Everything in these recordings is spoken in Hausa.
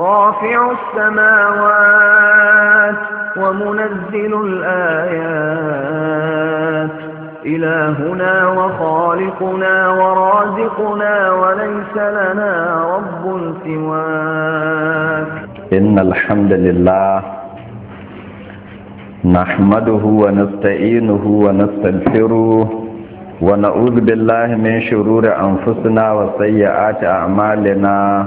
رافع السماوات ومنزل الآيات إلهنا وخالقنا ورازقنا وليس لنا رب سواك إن الحمد لله نحمده ونستعينه ونستغفره ونعوذ بالله من شرور أنفسنا وسيئات أعمالنا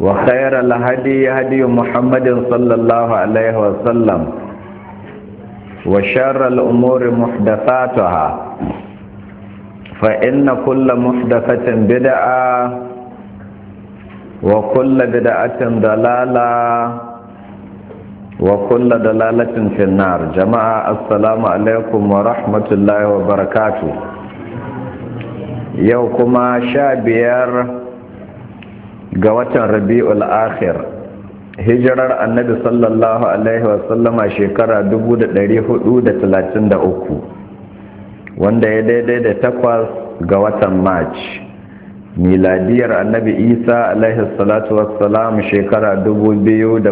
وخير الهدي هدي محمد صلى الله عليه وسلم وشر الأمور محدثاتها فإن كل محدثة بدعة وكل بدعة ضلالة وكل ضلالة في النار جماعة السلام عليكم ورحمة الله وبركاته يوكما شابير ga watan rabi'ul akhir hijirar annabi sallallahu alaihi wasallama shekara 1433 wanda ya daidai da takwas ga watan march miladiyar annabi isa alaihi salatu wassalam shekara 2012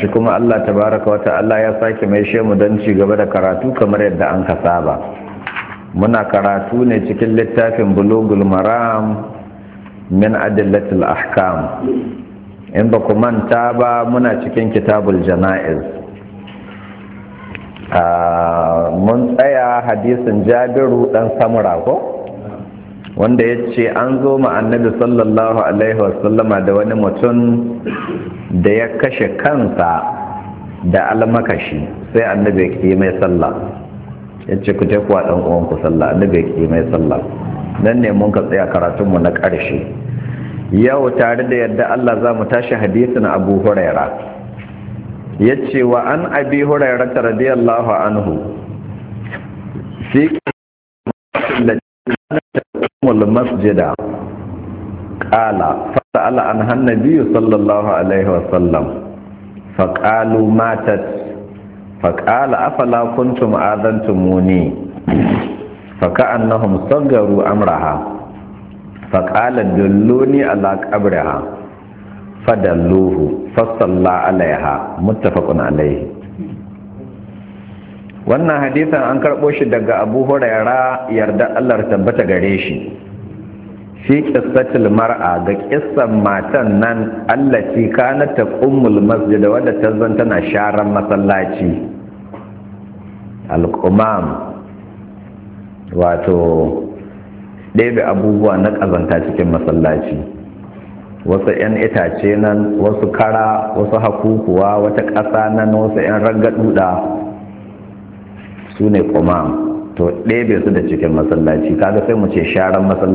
shi kuma allah tabaraka wata allah ya sake mai shemu don ci gaba da karatu kamar yadda an ka saba muna karatu ne cikin littafin bulogul maram min adillatul ahkam in ba ku manta ba muna cikin kitabul jana'iz ah, mun tsaya hadisin jabiru dan samura ko wanda ya ce an zo ma annabi sallallahu alaihi wasallama da wani mutum da ya kashe kansa da almakashi sai annabi ya mai sallah ya ce ku je kuwa ɗan uwanku sallah annabi ya mai sallah nan ne mun ka tsaya karatunmu na ƙarshe yau tare da yadda Allah za mu tashi hadisin abu huraira ya ce wa an abi huraira ta radiyallahu anhu fi masjida ƙala an biyu, sallallahu alaihi wasallam faƙalu matat faƙala afala kuntum adantumuni فكأنهم صغروا أمرها فقال دلوني على قبرها فدلوه فصلى عليها متفق alaihi wannan hadisan an karɓo shi daga abu huraira yarda allah tabbata gare shi fi qissatil mar'a ga ƙisan matan nan allati ta taqummul masjida wadda ta zanta na sharan masallaci al wato ɗebe abubuwa na ƙazanta cikin masallaci wasu 'yan itace nan wasu kara wasu hakukuwa wata ƙasa nan wasu 'yan raggaduda su ne kuma to ɗebe su da cikin masallaci kaga sai mu ce sharan masallaci